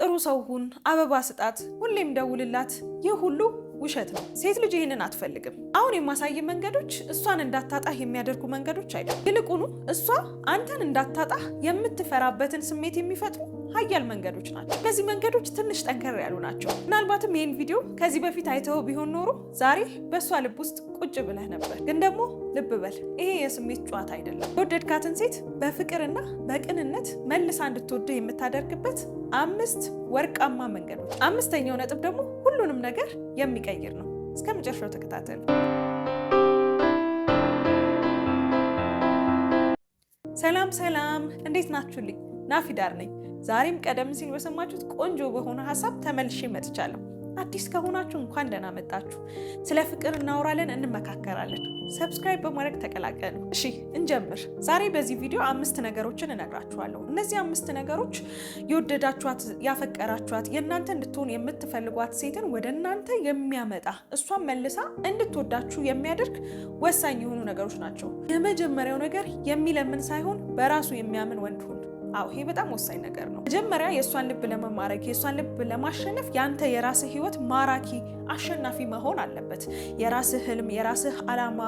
ጥሩ ሰው ሁን፣ አበባ ስጣት፣ ሁሌም ደውልላት። ይህ ሁሉ ውሸት ነው። ሴት ልጅ ይህንን አትፈልግም። አሁን የማሳይ መንገዶች እሷን እንዳታጣህ የሚያደርጉ መንገዶች አይደሉም። ይልቁኑ እሷ አንተን እንዳታጣህ የምትፈራበትን ስሜት የሚፈጥሩ ሀያል መንገዶች ናቸው። እነዚህ መንገዶች ትንሽ ጠንከር ያሉ ናቸው። ምናልባትም ይህን ቪዲዮ ከዚህ በፊት አይተው ቢሆን ኖሮ ዛሬ በእሷ ልብ ውስጥ ቁጭ ብለህ ነበር። ግን ደግሞ ልብ በል ይሄ የስሜት ጨዋታ አይደለም። የወደድካትን ሴት በፍቅርና በቅንነት መልሳ እንድትወድህ የምታደርግበት አምስት ወርቃማ መንገዶች። አምስተኛው ነጥብ ደግሞ ሁሉንም ነገር የሚቀይር ነው። እስከ መጨረሻው ተከታተሉ። ሰላም ሰላም፣ እንዴት ናችሁልኝ? ናፊዳር ነኝ። ዛሬም ቀደም ሲል በሰማችሁት ቆንጆ በሆነ ሀሳብ ተመልሼ መጥቻለሁ። አዲስ ከሆናችሁ እንኳን ደህና መጣችሁ። ስለ ፍቅር እናወራለን፣ እንመካከራለን። ሰብስክራይብ በማድረግ ተቀላቀሉ። እሺ እንጀምር። ዛሬ በዚህ ቪዲዮ አምስት ነገሮችን እነግራችኋለሁ። እነዚህ አምስት ነገሮች የወደዳችኋት፣ ያፈቀራችኋት፣ የእናንተ እንድትሆን የምትፈልጓት ሴትን ወደ እናንተ የሚያመጣ እሷን መልሳ እንድትወዳችሁ የሚያደርግ ወሳኝ የሆኑ ነገሮች ናቸው። የመጀመሪያው ነገር የሚለምን ሳይሆን በራሱ የሚያምን ወንድ ሁኑ። አዎ ይሄ በጣም ወሳኝ ነገር ነው። መጀመሪያ የእሷን ልብ ለመማረክ የእሷን ልብ ለማሸነፍ ያንተ የራስህ ህይወት ማራኪ አሸናፊ መሆን አለበት። የራስህ ህልም፣ የራስህ አላማ፣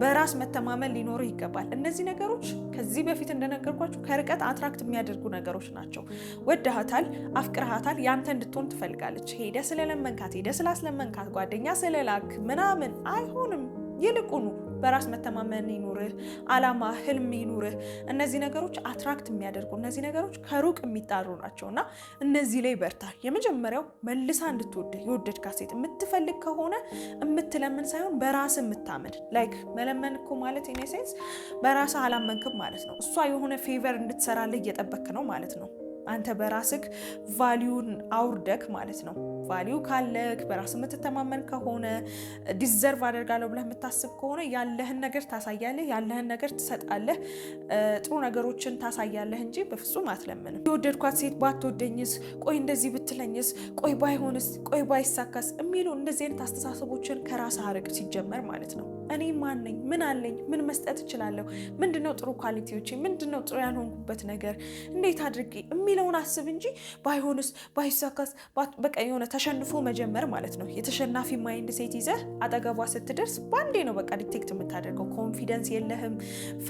በራስ መተማመን ሊኖር ይገባል። እነዚህ ነገሮች ከዚህ በፊት እንደነገርኳችሁ ከርቀት አትራክት የሚያደርጉ ነገሮች ናቸው። ወደሃታል፣ አፍቅርሃታል፣ ያንተ እንድትሆን ትፈልጋለች። ሄደ ስለለመንካት ሄደ ስላስለመንካት ጓደኛ ስለላክ ምናምን አይሆንም። ይልቁኑ በራስ መተማመን ይኑርህ፣ አላማ፣ ህልም ይኑርህ። እነዚህ ነገሮች አትራክት የሚያደርጉ እነዚህ ነገሮች ከሩቅ የሚጣሩ ናቸው እና እነዚህ ላይ በርታ። የመጀመሪያው መልሳ እንድትወድህ የወደድካት ሴት የምትፈልግ ከሆነ የምትለምን ሳይሆን በራስ የምታምን ላይክ መለመን እኮ ማለት ኢኔሴንስ በራስ አላመንክም ማለት ነው። እሷ የሆነ ፌቨር እንድትሰራልህ እየጠበክ ነው ማለት ነው። አንተ በራስክ ቫሊዩን አውርደክ ማለት ነው። ቫሊዩ ካለክ በራስ የምትተማመን ከሆነ ዲዘርቭ አደርጋለሁ ብለህ የምታስብ ከሆነ ያለህን ነገር ታሳያለህ፣ ያለህን ነገር ትሰጣለህ፣ ጥሩ ነገሮችን ታሳያለህ እንጂ በፍጹም አትለምንም። የወደድኳት ሴት ባትወደኝስ፣ ቆይ እንደዚህ ብትለኝስ፣ ቆይ ባይሆንስ፣ ቆይ ባይሳካስ የሚሉ እንደዚህ አይነት አስተሳሰቦችን ከራስ አርቅ ሲጀመር ማለት ነው። እኔ ማን ነኝ? ምን አለኝ? ምን መስጠት እችላለሁ? ምንድነው ጥሩ ኳሊቲዎች ምንድነው ጥሩ ያልሆንኩበት ነገር? እንዴት አድርጌ የሚለውን አስብ እንጂ ባይሆንስ፣ ባይሳካስ፣ በቃ የሆነ ተሸንፎ መጀመር ማለት ነው። የተሸናፊ ማይንድ ሴት ይዘህ አጠገቧ ስትደርስ በአንዴ ነው በቃ ዲቴክት የምታደርገው። ኮንፊደንስ የለህም፣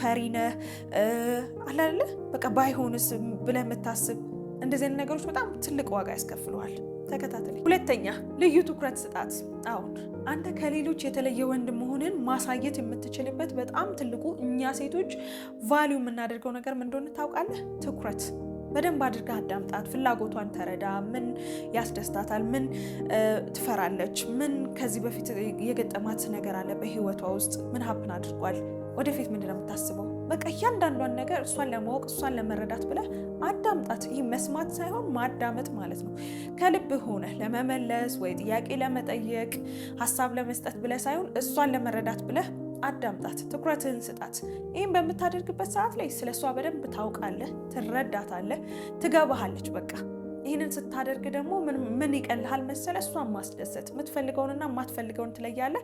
ፈሪነህ አላለ በቃ ባይሆንስ ብለህ የምታስብ እንደዚህ አይነት ነገሮች በጣም ትልቅ ዋጋ ያስከፍለዋል። ተከታተል። ሁለተኛ ልዩ ትኩረት ስጣት። አሁን አንተ ከሌሎች የተለየ ወንድ መሆንን ማሳየት የምትችልበት በጣም ትልቁ እኛ ሴቶች ቫሊዩ የምናደርገው ነገር ምን እንደሆነ ታውቃለህ? ትኩረት። በደንብ አድርጋ አዳምጣት፣ ፍላጎቷን ተረዳ። ምን ያስደስታታል? ምን ትፈራለች? ምን ከዚህ በፊት የገጠማት ነገር አለ? በህይወቷ ውስጥ ምን ሀብን አድርጓል? ወደፊት ነው የምታስበው? በቃ እያንዳንዷን ነገር እሷን ለማወቅ እሷን ለመረዳት ብለህ አዳምጣት። ይህ መስማት ሳይሆን ማዳመጥ ማለት ነው። ከልብ ሆነ ለመመለስ ወይ ጥያቄ ለመጠየቅ ሀሳብ ለመስጠት ብለህ ሳይሆን እሷን ለመረዳት ብለህ አዳምጣት፣ ትኩረትህን ስጣት። ይህም በምታደርግበት ሰዓት ላይ ስለ እሷ በደንብ ታውቃለህ፣ ትረዳታለህ፣ ትገባሃለች በቃ ይህንን ስታደርግ ደግሞ ምን ይቀልሃል መሰለ? እሷን ማስደሰት የምትፈልገውንና የማትፈልገውን ትለያለ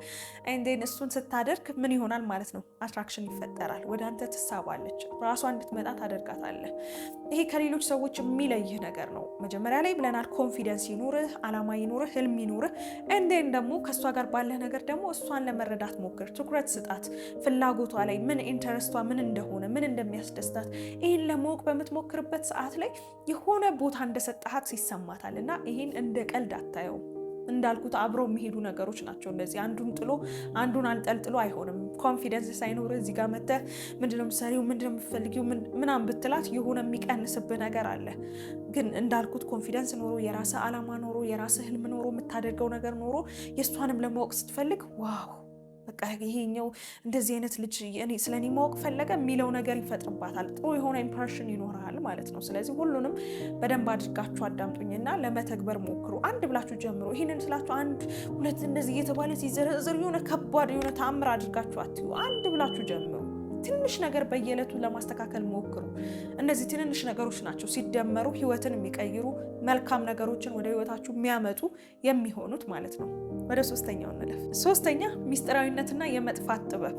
እንዴን እሱን ስታደርግ ምን ይሆናል ማለት ነው? አትራክሽን ይፈጠራል። ወደ አንተ ትሳባለች፣ ራሷ እንድትመጣ ታደርጋታለ። ይሄ ከሌሎች ሰዎች የሚለይህ ነገር ነው። መጀመሪያ ላይ ብለናል፣ ኮንፊደንስ ይኑርህ፣ አላማ ይኑርህ፣ ህልም ይኑርህ። እንዴን ደግሞ ከእሷ ጋር ባለህ ነገር ደግሞ እሷን ለመረዳት ሞክር፣ ትኩረት ስጣት፣ ፍላጎቷ ላይ ምን ኢንተረስቷ ምን እንደሆነ ምን እንደሚያስደስታት ይህን ለማወቅ በምትሞክርበት ሰዓት ላይ የሆነ ቦታ እንደሰጠ ቅጣት ይሰማታል እና ይሄን እንደ ቀልድ አታየው። እንዳልኩት አብረው የሚሄዱ ነገሮች ናቸው። እንደዚህ አንዱን ጥሎ አንዱን አንጠልጥሎ አይሆንም። ኮንፊደንስ ሳይኖር እዚህ ጋር መተህ ምንድነው ነው የምትሰሪው፣ የምትፈልጊው ምናምን ብትላት የሆነ የሚቀንስብህ ነገር አለ። ግን እንዳልኩት ኮንፊደንስ ኖሮ የራስህ አላማ ኖሮ የራስህ ህልም ኖሮ የምታደርገው ነገር ኖሮ የእሷንም ለማወቅ ስትፈልግ ዋው በቃ ይሄኛው እንደዚህ አይነት ልጅ ስለ እኔ ማወቅ ፈለገ የሚለው ነገር ይፈጥርባታል። ጥሩ የሆነ ኢምፕሬሽን ይኖርሃል ማለት ነው። ስለዚህ ሁሉንም በደንብ አድርጋችሁ አዳምጡኝና ለመተግበር ሞክሩ። አንድ ብላችሁ ጀምሮ ይህንን ስላችሁ አንድ ሁለት እንደዚህ እየተባለ ሲዘረዝር የሆነ ከባድ የሆነ ተአምር አድርጋችሁ አትዩ። አንድ ብላችሁ ጀምሩ። ትንሽ ነገር በየዕለቱ ለማስተካከል ሞክሩ። እነዚህ ትንንሽ ነገሮች ናቸው ሲደመሩ ህይወትን የሚቀይሩ መልካም ነገሮችን ወደ ህይወታችሁ የሚያመጡ የሚሆኑት ማለት ነው። ወደ ሶስተኛው እንለፍ። ሶስተኛ ሚስጥራዊነትና የመጥፋት ጥበብ።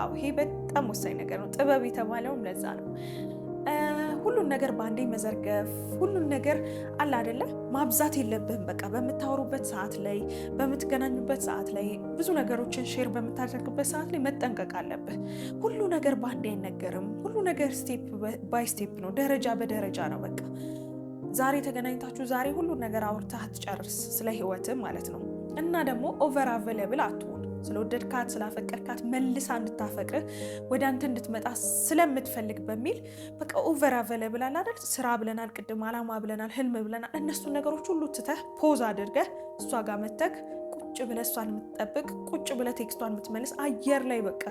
አዎ ይሄ በጣም ወሳኝ ነገር ነው። ጥበብ የተባለውም ለዛ ነው። ሁሉን ነገር በአንዴ መዘርገፍ ሁሉን ነገር አለ አደለ ማብዛት የለብህም። በቃ በምታወሩበት ሰዓት ላይ በምትገናኙበት ሰዓት ላይ ብዙ ነገሮችን ሼር በምታደርግበት ሰዓት ላይ መጠንቀቅ አለብህ። ሁሉ ነገር በአንዴ አይነገርም። ሁሉ ነገር ስቴፕ ባይ ስቴፕ ነው፣ ደረጃ በደረጃ ነው። በቃ ዛሬ ተገናኝታችሁ ዛሬ ሁሉን ነገር አውርተህ አትጨርስ፣ ስለ ህይወትም ማለት ነው። እና ደግሞ ኦቨር አቬለብል አትሆን ስለወደድካት ስላፈቀድካት መልሳ እንድታፈቅርህ ወደ አንተ እንድትመጣ ስለምትፈልግ በሚል በቃ ኦቨር ብላል አይደል? ስራ ብለናል፣ ቅድም አላማ ብለናል፣ ህልም ብለናል። እነሱን ነገሮች ሁሉ ትተህ ፖዝ አድርገህ እሷ ጋር መተክ ቁጭ ብለ እሷን የምትጠብቅ ቁጭ ብለ ቴክስቷን የምትመልስ አየር ላይ በቃ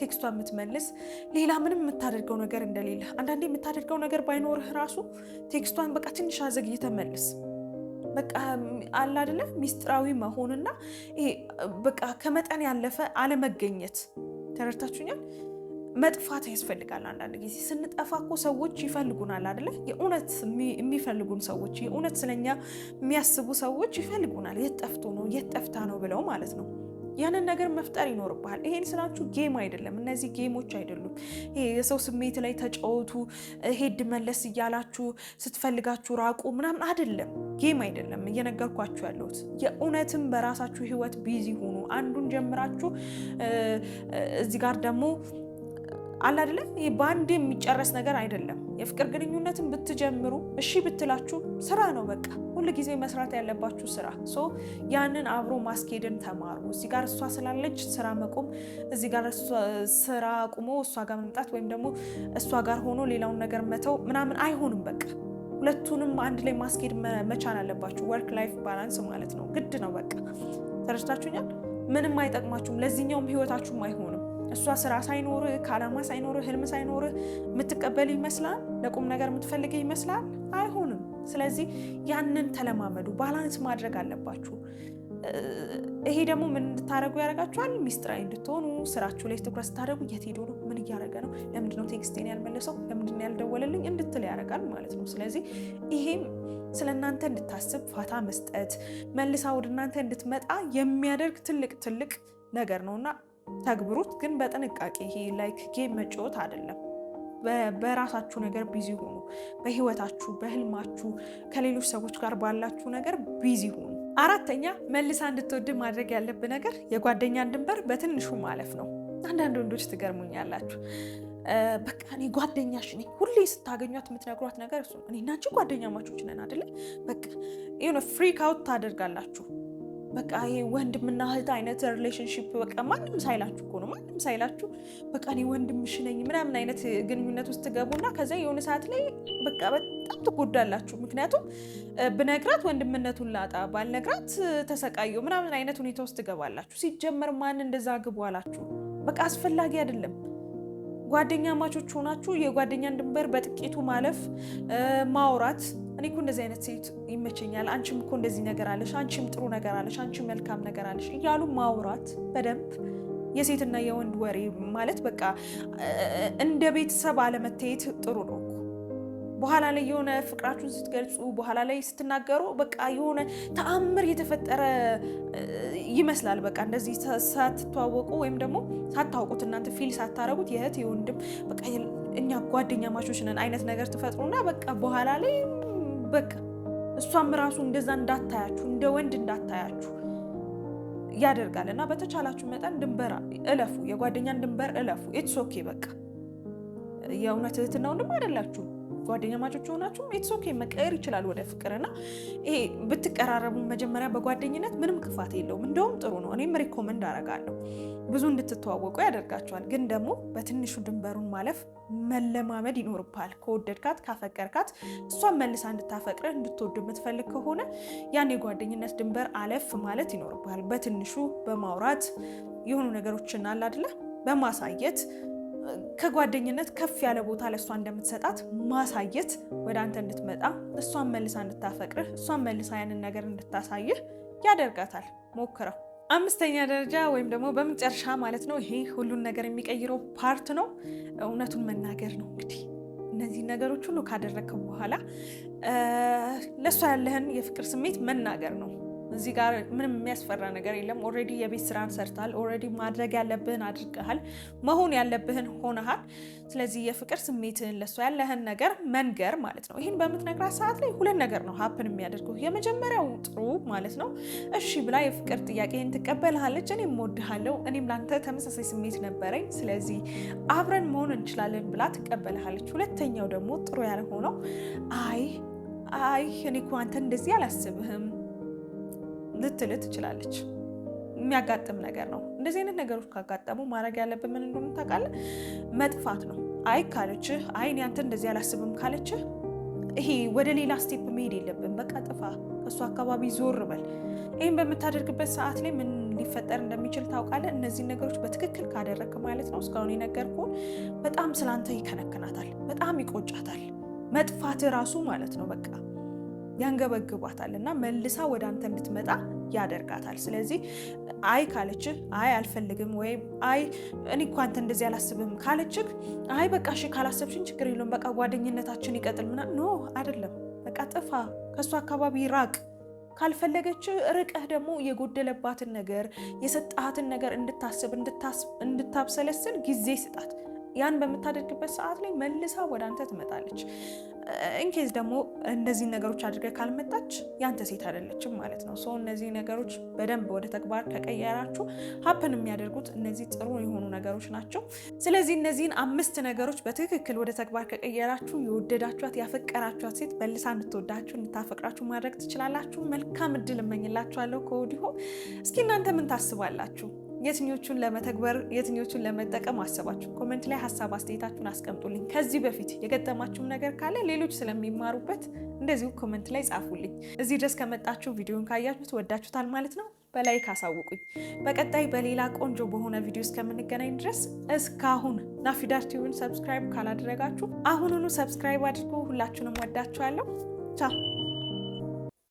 ቴክስቷን የምትመልስ ሌላ ምንም የምታደርገው ነገር እንደሌለ አንዳንዴ የምታደርገው ነገር ባይኖርህ ራሱ ቴክስቷን በቃ ትንሽ አዘግይተህ መልስ። በቃ አለ አይደለ ሚስጥራዊ መሆንና ይሄ በቃ ከመጠን ያለፈ አለመገኘት ተረድታችሁኛል። መጥፋት ያስፈልጋል። አንዳንድ ጊዜ ስንጠፋ እኮ ሰዎች ይፈልጉናል አይደለ? የእውነት የሚፈልጉን ሰዎች፣ የእውነት ስለኛ የሚያስቡ ሰዎች ይፈልጉናል። የት ጠፍቶ ነው የት ጠፍታ ነው ብለው ማለት ነው። ያንን ነገር መፍጠር ይኖርብሃል። ይሄን ስላችሁ ጌም አይደለም፣ እነዚህ ጌሞች አይደሉም። ይሄ የሰው ስሜት ላይ ተጫወቱ፣ ሄድ መለስ እያላችሁ ስትፈልጋችሁ ራቁ ምናምን አይደለም። ጌም አይደለም እየነገርኳችሁ ያለሁት። የእውነትም በራሳችሁ ህይወት ቢዚ ሆኑ። አንዱን ጀምራችሁ እዚህ ጋር ደግሞ አለ አይደለ? ይሄ በአንድ የሚጨረስ ነገር አይደለም። የፍቅር ግንኙነትን ብትጀምሩ እሺ ብትላችሁ ስራ ነው በቃ ሁል ጊዜ መስራት ያለባችሁ ስራ ሶ ያንን አብሮ ማስኬድን ተማሩ። እዚህ ጋር እሷ ስላለች ስራ መቆም እዚህ ጋር ስራ ቁሞ እሷ ጋር መምጣት ወይም ደግሞ እሷ ጋር ሆኖ ሌላውን ነገር መተው ምናምን አይሆንም። በቃ ሁለቱንም አንድ ላይ ማስኬድ መቻል አለባችሁ። ወርክ ላይፍ ባላንስ ማለት ነው፣ ግድ ነው። በቃ ተረድታችሁኛል። ምንም አይጠቅማችሁም፣ ለዚህኛውም ህይወታችሁም አይሆንም። እሷ ስራ ሳይኖርህ ከአላማ ሳይኖርህ ህልም ሳይኖርህ የምትቀበል ይመስላል፣ ለቁም ነገር የምትፈልገ ይመስላል። ስለዚህ ያንን ተለማመዱ። ባላንስ ማድረግ አለባችሁ። ይሄ ደግሞ ምን እንድታደረጉ ያደርጋችኋል? ሚስጥራዊ እንድትሆኑ ስራችሁ ላይ ትኩረት ስታደረጉ የት ሄዶ ነው? ምን እያደረገ ነው? ለምንድነው ቴክስቴን ያልመለሰው? ለምንድን ያልደወለልኝ እንድትል ያደርጋል ማለት ነው። ስለዚህ ይሄም ስለ እናንተ እንድታስብ ፋታ መስጠት፣ መልሳ ወደ እናንተ እንድትመጣ የሚያደርግ ትልቅ ትልቅ ነገር ነውና ተግብሩት፣ ግን በጥንቃቄ ይሄ ላይክ ጌም መጫወት አይደለም። በራሳችሁ ነገር ቢዚ ሆኑ በህይወታችሁ፣ በህልማችሁ፣ ከሌሎች ሰዎች ጋር ባላችሁ ነገር ቢዚ ሆኑ። አራተኛ መልሳ እንድትወድ ማድረግ ያለብህ ነገር የጓደኛን ድንበር በትንሹ ማለፍ ነው። አንዳንድ ወንዶች ትገርሙኛላችሁ። በቃ እኔ ጓደኛሽ ነኝ፣ ሁሌ ስታገኟት የምትነግሯት ነገር እሱ እኔ እና አንቺ ጓደኛማቾች ነን አይደለ? በቃ የሆነ ፍሪክ አውት ታደርጋላችሁ። በቃ ይሄ ወንድምና እህት አይነት ሪሌሽንሽፕ በቃ ማንም ሳይላችሁ እኮ ነው። ማንም ሳይላችሁ በቃ እኔ ወንድምሽ ነኝ ምናምን አይነት ግንኙነት ውስጥ ትገቡና ከዚያ የሆነ ሰዓት ላይ በቃ በጣም ትጎዳላችሁ። ምክንያቱም ብነግራት ወንድምነቱን ላጣ፣ ባልነግራት ተሰቃየው ምናምን አይነት ሁኔታ ውስጥ ትገባላችሁ። ሲጀመር ማን እንደዛ ግቡ አላችሁ? በቃ አስፈላጊ አይደለም። ጓደኛ ማቾች ሆናችሁ የጓደኛን ድንበር በጥቂቱ ማለፍ ማውራት እኔ እኮ እንደዚህ አይነት ሴት ይመቸኛል፣ አንቺም እኮ እንደዚህ ነገር አለሽ፣ አንቺም ጥሩ ነገር አለሽ፣ አንቺም መልካም ነገር አለሽ እያሉ ማውራት በደንብ የሴትና የወንድ ወሬ ማለት በቃ እንደ ቤተሰብ አለመታየት ጥሩ ነው። በኋላ ላይ የሆነ ፍቅራችሁን ስትገልጹ በኋላ ላይ ስትናገሩ በቃ የሆነ ተአምር የተፈጠረ ይመስላል። በቃ እንደዚህ ሳትተዋወቁ ወይም ደግሞ ሳታውቁት እናንተ ፊል ሳታረጉት የእህት የወንድም በቃ እኛ ጓደኛ ማቾች ነን አይነት ነገር ትፈጥሩና በቃ በኋላ ላይ በቃ እሷም ራሱ እንደዛ እንዳታያችሁ እንደ ወንድ እንዳታያችሁ ያደርጋል። እና በተቻላችሁ መጠን ድንበር እለፉ፣ የጓደኛን ድንበር እለፉ። ኢትስ ኦኬ በቃ የእውነት እህትና ወንድም አይደላችሁ። ጓደኛ ማቾች ሆናችሁ ኢትስ ኦኬ መቀየር ይችላል ወደ ፍቅርና ይሄ ብትቀራረቡ መጀመሪያ በጓደኝነት ምንም ክፋት የለውም። እንደውም ጥሩ ነው። እኔም ሪኮመንድ አረጋለሁ። ብዙ እንድትተዋወቁ ያደርጋቸዋል። ግን ደግሞ በትንሹ ድንበሩን ማለፍ መለማመድ ይኖርብሃል። ከወደድካት፣ ካፈቀርካት እሷን መልሳ እንድታፈቅረ እንድትወድ የምትፈልግ ከሆነ ያን የጓደኝነት ድንበር አለፍ ማለት ይኖርብሃል። በትንሹ በማውራት የሆኑ ነገሮችን አለ አይደለ በማሳየት ከጓደኝነት ከፍ ያለ ቦታ ለእሷ እንደምትሰጣት ማሳየት፣ ወደ አንተ እንድትመጣ እሷን መልሳ እንድታፈቅርህ እሷን መልሳ ያንን ነገር እንድታሳይህ ያደርጋታል። ሞክረው። አምስተኛ ደረጃ ወይም ደግሞ በመጨረሻ ማለት ነው፣ ይሄ ሁሉን ነገር የሚቀይረው ፓርት ነው፣ እውነቱን መናገር ነው። እንግዲህ እነዚህ ነገሮች ሁሉ ካደረግከው በኋላ ለእሷ ያለህን የፍቅር ስሜት መናገር ነው። እዚህ ጋር ምንም የሚያስፈራ ነገር የለም። ኦልሬዲ የቤት ስራን ሰርታል። ኦልሬዲ ማድረግ ያለብህን አድርገሃል። መሆን ያለብህን ሆነሃል። ስለዚህ የፍቅር ስሜትህን ለሷ ያለህን ነገር መንገር ማለት ነው። ይህን በምትነግራት ሰዓት ላይ ሁለት ነገር ነው ሀፕን የሚያደርገው። የመጀመሪያው ጥሩ ማለት ነው፣ እሺ ብላ የፍቅር ጥያቄህን ትቀበልሃለች። እኔም ወድሃለው፣ እኔም ላንተ ተመሳሳይ ስሜት ነበረኝ፣ ስለዚህ አብረን መሆን እንችላለን ብላ ትቀበልሃለች። ሁለተኛው ደግሞ ጥሩ ያልሆነው አይ አይ እኔ እኮ እንደዚህ አላስብህም ልትል ትችላለች። የሚያጋጥም ነገር ነው። እንደዚህ አይነት ነገሮች ካጋጠሙ ማድረግ ያለብን ምን እንደሆነ ታውቃለህ? መጥፋት ነው። አይ ካለችህ፣ አይ እኔ አንተ እንደዚህ አላስብም ካለችህ፣ ይሄ ወደ ሌላ ስቴፕ መሄድ የለብን። በቃ ጥፋ፣ ከእሱ አካባቢ ዞር በል። ይህም በምታደርግበት ሰዓት ላይ ምን ሊፈጠር እንደሚችል ታውቃለህ። እነዚህን ነገሮች በትክክል ካደረግክ ማለት ነው እስካሁን የነገርኩህን በጣም ስለአንተ ይከነክናታል፣ በጣም ይቆጫታል። መጥፋት ራሱ ማለት ነው በቃ ያንገበግቧታል እና መልሳ ወደ አንተ እንድትመጣ ያደርጋታል። ስለዚህ አይ ካለችህ አይ አልፈልግም፣ ወይም አይ እኔ እኮ አንተ እንደዚህ አላስብም ካለችህ አይ በቃ እሺ ካላሰብሽን ችግር የለውም በቃ ጓደኝነታችን ይቀጥል ምናምን ኖ አይደለም። በቃ ጥፋ፣ ከእሱ አካባቢ ራቅ። ካልፈለገች ርቀህ ደግሞ የጎደለባትን ነገር የሰጣትን ነገር እንድታስብ እንድታብሰለስን ጊዜ ስጣት። ያን በምታደርግበት ሰዓት ላይ መልሳ ወደ አንተ ትመጣለች። ኢንኬዝ ደግሞ እነዚህን ነገሮች አድርገ ካልመጣች ያንተ ሴት አይደለችም ማለት ነው። ሶ እነዚህ ነገሮች በደንብ ወደ ተግባር ከቀየራችሁ ሀፕን የሚያደርጉት እነዚህ ጥሩ የሆኑ ነገሮች ናቸው። ስለዚህ እነዚህን አምስት ነገሮች በትክክል ወደ ተግባር ከቀየራችሁ የወደዳችኋት ያፈቀራችኋት ሴት መልሳ እንድትወዳችሁ እንድታፈቅራችሁ ማድረግ ትችላላችሁ። መልካም እድል እመኝላችኋለሁ ከወዲሁ። እስኪ እናንተ ምን ታስባላችሁ? የትኞቹን ለመተግበር የትኞቹን ለመጠቀም አሰባችሁ? ኮመንት ላይ ሀሳብ አስተያየታችሁን አስቀምጡልኝ። ከዚህ በፊት የገጠማችሁም ነገር ካለ ሌሎች ስለሚማሩበት እንደዚሁ ኮመንት ላይ ጻፉልኝ። እዚህ ድረስ ከመጣችሁ ቪዲዮን ካያችሁት ወዳችሁታል ማለት ነው በላይ ካሳውቁኝ። በቀጣይ በሌላ ቆንጆ በሆነ ቪዲዮ እስከምንገናኝ ድረስ እስካሁን ናፊዳር ቲዩብን ሰብስክራይብ ካላደረጋችሁ አሁኑኑ ሰብስክራይብ አድርጎ ሁላችሁንም ወዳችኋለሁ። ቻው